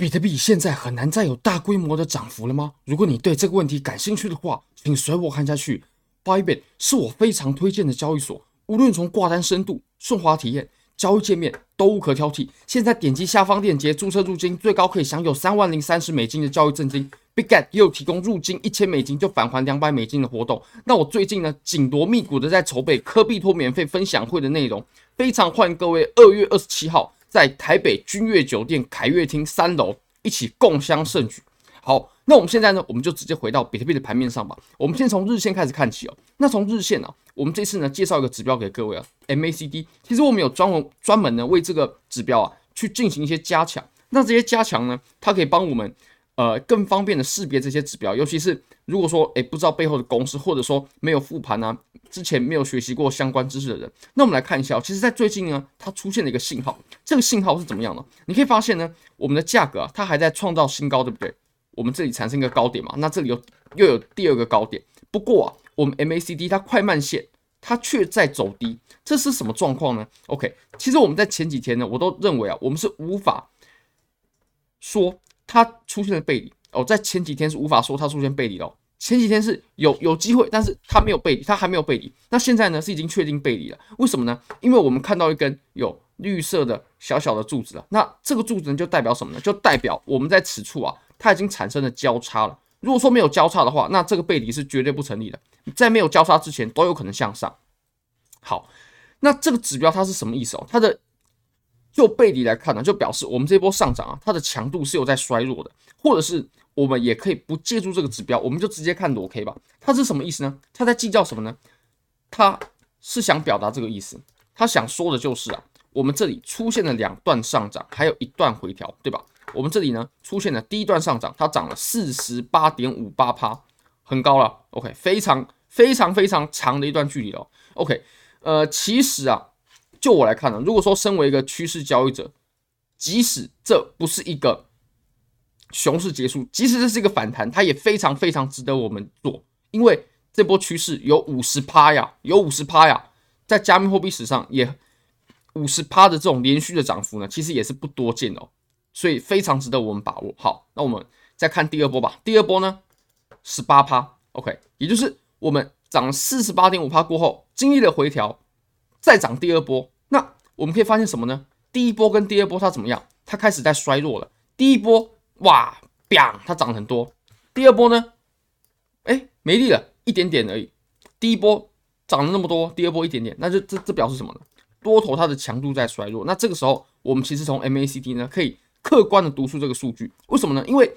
比特幣現在很難再有大規模的漲幅了嗎？如果你對這個問題感興趣的話，請隨我看下去。BYBIT 是我非常推薦的交易所，無論從掛單深度、順滑體驗、交易界面都無可挑剔。現在點擊下方鏈接注冊入金，最高可以享有三萬零三十美金的交易贈金。Bitget 也有提供入金一千美金就返還兩百美金的活動。那我最近呢，緊鑼密鼓的在籌備科幣託免費分享會的內容，非常歡迎各位二月二十七號。在台北君悅酒店凱悅廳三樓一起共襄盛舉。好，那我們現在呢，我們就直接回到比特幣的盤面上吧。我們先從日線開始看起哦。那從日線呢、啊，我們這次呢介紹一個指標給各位啊，MACD。其實我們有專門專門呢為這個指標啊去進行一些加強。那這些加強呢，它可以幫我們。呃，更方便的識別這些指標，尤其是如果說誒、欸，不知道背後的公司，或者說沒有復盤啊，之前沒有學習過相關知識的人，那我們來看一下、喔，其實，在最近呢，它出現了一個信號，這個信號是怎麼樣呢？你可以發現呢，我們的價格、啊、它還在創造新高，對不對？我們這裡產生一個高點嘛，那這裡有又，又有第二個高點，不過啊，我們 MACD 它快慢線它卻在走低，這是什麼狀況呢？OK，其實我們在前幾天呢，我都認為啊，我們是無法說。它出現了背離哦，在前幾天是無法說它出現背離的哦，前幾天是有有機會，但是它沒有背離，它還沒有背離。那現在呢是已經確定背離了，為什麼呢？因為我們看到一根有綠色的小小的柱子了，那這個柱子呢就代表什麼呢？就代表我們在此處啊，它已經產生了交叉了。如果說沒有交叉的話，那這個背離是絕對不成立的，在沒有交叉之前都有可能向上。好，那這個指標它是什麼意思哦？它的就背離來看呢、啊，就表示我們這波上漲啊，它的強度是有在衰弱的，或者是我們也可以不借助這個指標，我們就直接看裸 K 吧。它是什麼意思呢？它在計較什麼呢？它是想表達這個意思，它想說的就是啊，我們這裡出現了兩段上漲，還有一段回調，對吧？我們這裡呢，出現了第一段上漲，它漲了四十八點五八趴，很高了，OK，非常非常非常長的一段距離了、哦、，OK，呃，其實啊。就我來看呢，如果說身為一個趨勢交易者，即使這不是一個熊市結束，即使這是一個反彈，它也非常非常值得我們做，因為這波趨勢有五十趴呀，有五十趴呀，在加密貨幣史上也五十趴的這種連續的漲幅呢，其實也是不多見哦，所以非常值得我們把握。好，那我們再看第二波吧。第二波呢，十八趴，OK，也就是我們漲四十八點五趴過後，經歷了回調。再漲第二波，那我們可以發現什麼呢？第一波跟第二波它怎麼樣？它開始在衰弱了。第一波，哇，砰，它漲很多。第二波呢？哎，沒力了，一點點而已。第一波漲了那麼多，第二波一點點，那就這這表示什麼呢？多頭它的強度在衰弱。那這個時候，我們其實從 MACD 呢可以客觀的讀出這個數據。為什麼呢？因為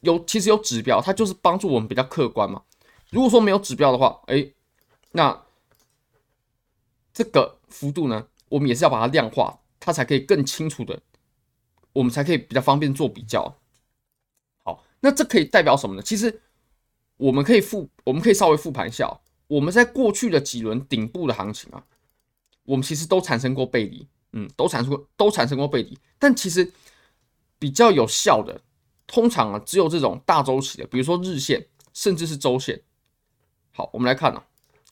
有其實有指標，它就是幫助我們比較客觀嘛。如果說沒有指標的話，哎，那。這個幅度呢，我們也是要把它量化，它才可以更清楚的，我們才可以比較方便做比較。好，那這可以代表什麼呢？其實我們可以複，我們可以稍微復盤一下，我們在過去的幾輪頂部的行情啊，我們其實都產生過背離，嗯，都產生過，都產生過背離。但其實比較有效的，通常啊，只有這種大週期的，比如說日線，甚至是週線。好，我們來看啊，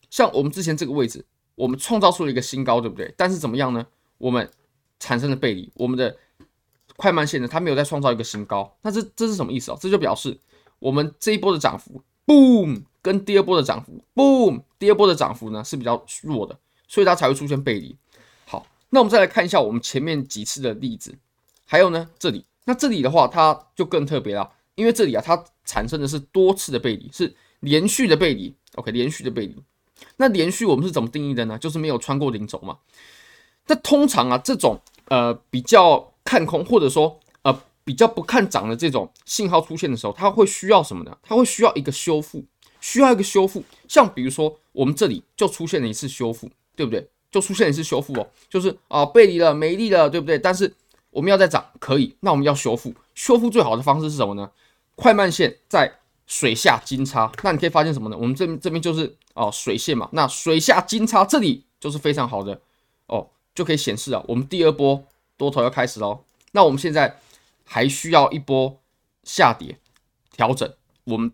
像我們之前這個位置。我們創造出了一個新高，對不對？但是怎麼樣呢？我們產生了背離，我們的快慢線呢，它沒有再創造一個新高。那這這是什麼意思啊？這就表示我們這一波的漲幅 boom，跟第二波的漲幅 boom，第二波的漲幅呢是比較弱的，所以它才會出現背離。好，那我們再來看一下我們前面幾次的例子，還有呢這裡，那這裡的話它就更特別了，因為這裡啊它產生的是多次的背離，是連續的背離。OK，連續的背離。那連續我們是怎麼定義的呢？就是沒有穿過零軸嘛。那通常啊，這種呃比較看空或者說呃比較不看漲的這種信號出現的時候，它會需要什麼呢？它會需要一個修復，需要一個修復。像比如說我們這裡就出現了一次修復，對不對？就出現了一次修復哦，就是啊、呃、背離了，沒力了，對不對？但是我們要再漲可以，那我們要修復，修復最好的方式是什麼呢？快慢線在水下金叉，那你可以發現什麼呢？我們這邊這邊就是。哦，水線嘛，那水下金叉這裡就是非常好的哦，就可以顯示啊，我們第二波多頭要開始嘍。那我們現在還需要一波下跌調整，我們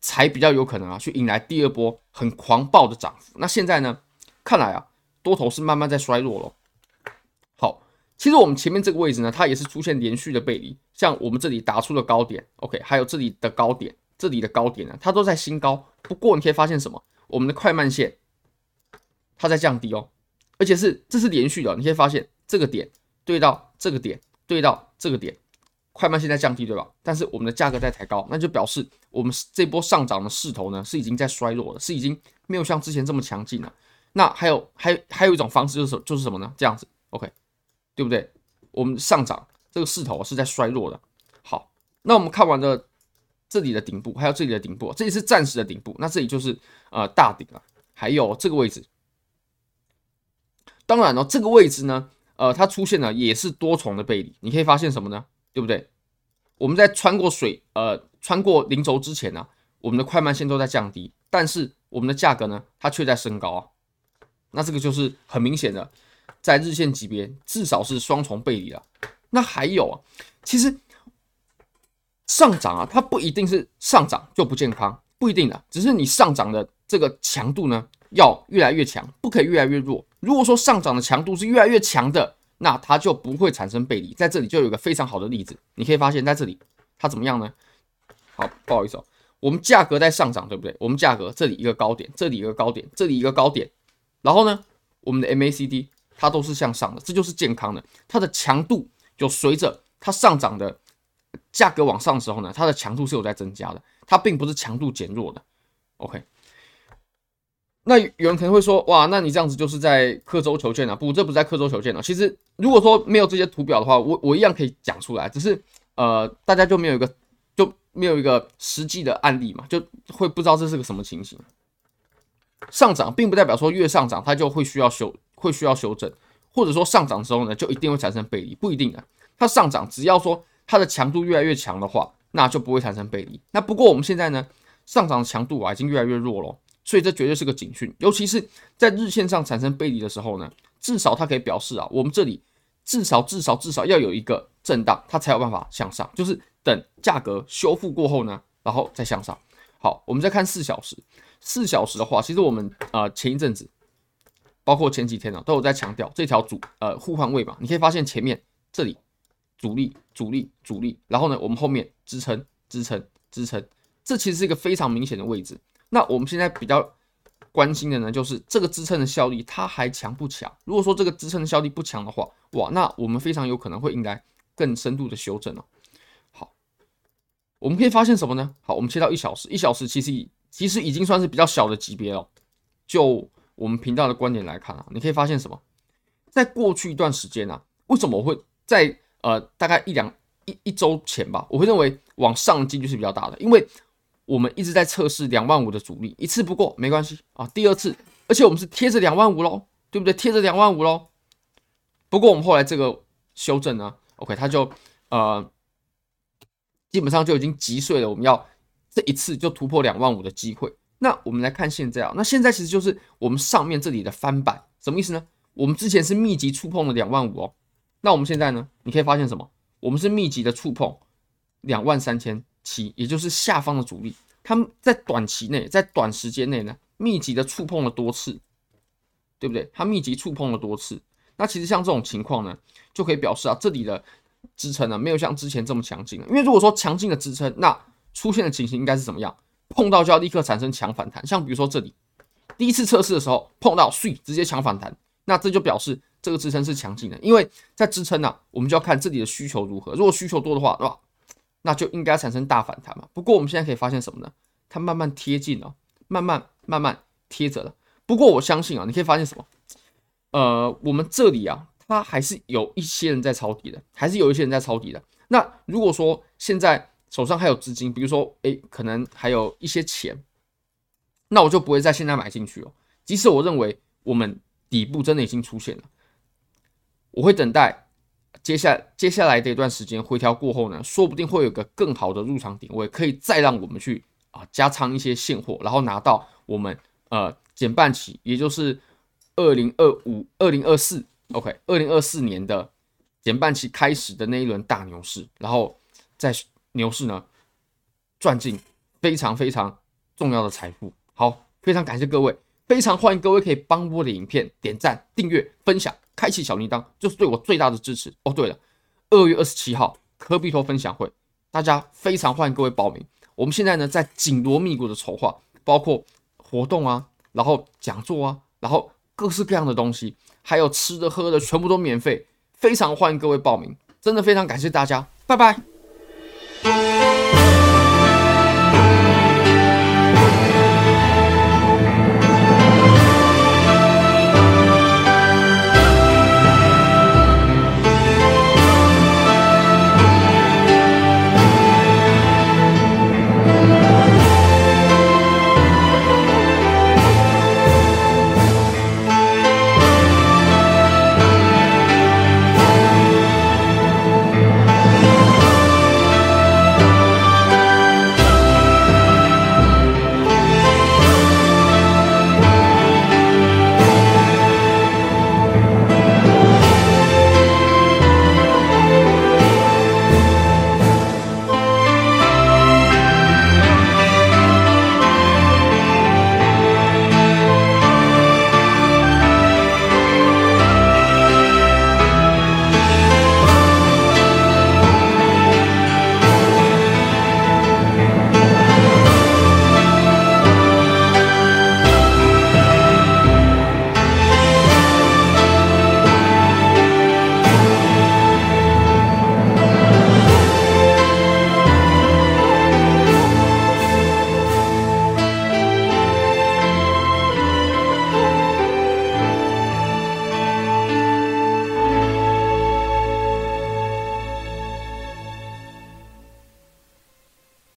才比較有可能啊，去迎來第二波很狂暴的漲幅。那現在呢，看來啊，多頭是慢慢在衰落了。好，其實我們前面這個位置呢，它也是出現連續的背離，像我們這裡打出的高點，OK，還有這裡的高點，這裡的高點呢，它都在新高。不過你可以發現什麼？我們的快慢線，它在降低哦，而且是這是連續的哦，你可以發現這個點對到這個點對到這個點，快慢線在降低，對吧？但是我們的價格在抬高，那就表示我們這波上漲的勢頭呢是已經在衰落了，是已經沒有像之前這麼強勁了。那還有還還有一種方式就是就是什麼呢？這樣子，OK，對不對？我們上漲這個勢頭是在衰弱的。好，那我們看完的。這裡的頂部還有這裡的頂部，這裡是暫時的頂部，那這裡就是，呃，大頂了啊。還有這個位置。當然哦，這個位置呢，呃，它出現了也是多重的背離，你可以發現什麼呢？對不對？我們在穿過水，呃，穿過零軸之前呢啊，我們的快慢線都在降低，但是我們的價格呢，它卻在升高啊。那這個就是很明顯的，在日線級別至少是雙重背離了。那還有啊，其實。上漲啊，它不一定是上漲就不健康，不一定的，只是你上漲的這個強度呢，要越來越強，不可以越來越弱。如果說上漲的強度是越來越強的，那它就不會產生背離。在這裡就有一個非常好的例子，你可以發現，在這裡它怎麼樣呢？好，不好意思哦，我們價格在上漲，對不對？我們價格這裡一個高點，這裡一個高點，這裡一個高點，然後呢，我們的 MACD 它都是向上的，這就是健康的，它的強度就隨着它上漲的。價格往上的時候呢，它的強度是有在增加的，它並不是強度減弱的。OK，那有人可能會說，哇，那你這樣子就是在刻舟求劍啊？不，這不是在刻舟求劍啊。其實，如果說沒有這些圖表的話，我我一樣可以講出來，只是呃，大家就沒有一個就沒有一個實際的案例嘛，就會不知道這是個什麼情形。上漲並不代表說越上漲它就會需要修會需要修正，或者說上漲之後呢，就一定會產生背離，不一定啊。它上漲只要說它的強度越來越強的話，那就不會產生背離。那不過我們現在呢，上漲的強度啊已經越來越弱咯，所以這絕對是個警訊。尤其是在日線上產生背離的時候呢，至少它可以表示啊，我們這裡至少至少至少要有一個震盪，它才有辦法向上。就是等價格修復過後呢，然後再向上。好，我們再看四小時，四小時的話，其實我們呃前一陣子，包括前幾天呢、啊，都有在強調這條主呃互換位嘛。你可以發現前面這裡。阻力，阻力，阻力。然後呢，我們後面支撐，支撐，支撐。這其實是一個非常明顯的位置。那我們現在比較關心的呢，就是這個支撐的效力，它還強不強？如果說這個支撐的效力不強的話，哇，那我們非常有可能會迎來更深度的修正了哦。好，我們可以發現什麼呢？好，我們切到一小時，一小時其實其實已經算是比較小的級別了。就我們頻道的觀點來看啊，你可以發現什麼？在過去一段時間啊，為什麼會在？呃，大概一兩一一周前吧，我會認為往上的機率是比較大的，因為我們一直在測試兩萬五的阻力，一次不過沒關係啊，第二次，而且我們是貼着兩萬五嘍，對不對？貼着兩萬五嘍。不過我們後來這個修正呢，OK，它就呃，基本上就已經擊碎了我們要這一次就突破兩萬五的機會。那我們來看現在啊，那現在其實就是我們上面這裡的翻版，什麼意思呢？我們之前是密集觸碰了兩萬五哦。那我們現在呢？你可以發現什麼？我們是密集的觸碰兩萬三千七，也就是下方的阻力，它們在短期內，在短時間內呢，密集的觸碰了多次，對不對？它密集觸碰了多次。那其實像這種情況呢，就可以表示啊，這裡的支撐呢，沒有像之前這麼強勁了。因為如果說強勁的支撐，那出現的情形應該是怎麼樣？碰到就要立刻產生強反彈。像比如說這裡第一次測試的時候碰到，直接強反彈。那這就表示。這個支撐是強勁的，因為在支撐呢、啊，我們就要看這裡的需求如何。如果需求多的話，那就應該產生大反彈嘛。不過我們現在可以發現什麼呢？它慢慢貼近了、哦，慢慢慢慢貼着了。不過我相信啊，你可以發現什麼？呃，我們這裡啊，它還是有一些人在抄底的，還是有一些人在抄底的。那如果說現在手上還有資金，比如說哎，可能還有一些錢，那我就不會在現在買進去哦。即使我認為我們底部真的已經出現了。我會等待，接下接下來的一段時間回調過後呢，說不定會有個更好的入場點位，可以再讓我們去啊加倉一些現貨，然後拿到我們呃減半期，也就是二零二五、二零二四，OK，二零二四年的減半期開始的那一輪大牛市，然後在牛市呢賺進非常非常重要的財富。好，非常感謝各位，非常歡迎各位可以幫我的影片點讚、訂閱、分享。開啟小鈴鐺就是對我最大的支持哦。Oh, 對了，二月二十七號，科幣託分享會，大家非常歡迎各位報名。我們現在呢在緊鑼密鼓的籌劃，包括活動啊，然後講座啊，然後各式各樣的東西，還有吃的喝的，全部都免費，非常歡迎各位報名。真的非常感謝大家，拜拜。